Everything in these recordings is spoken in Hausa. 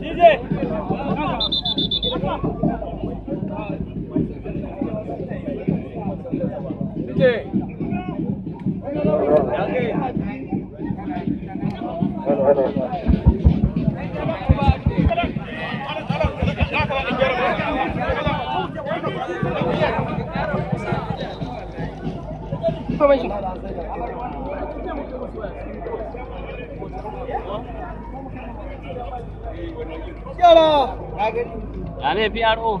DJ Yara! Ya ne PRO?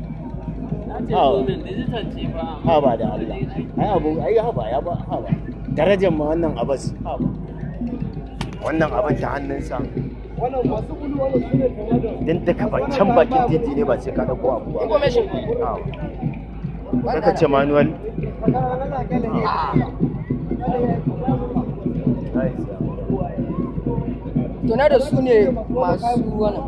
ha ba da Allah ai abu ai ha ba ya ba ha ba darajar ma wannan abas ha ba wannan abin ta hannunsa wannan masu gudu wannan su ne kamar da din kaba can bakin titi ne ba sai ka dauko abu ba information Kaka ce manual tuna da su ne masu wannan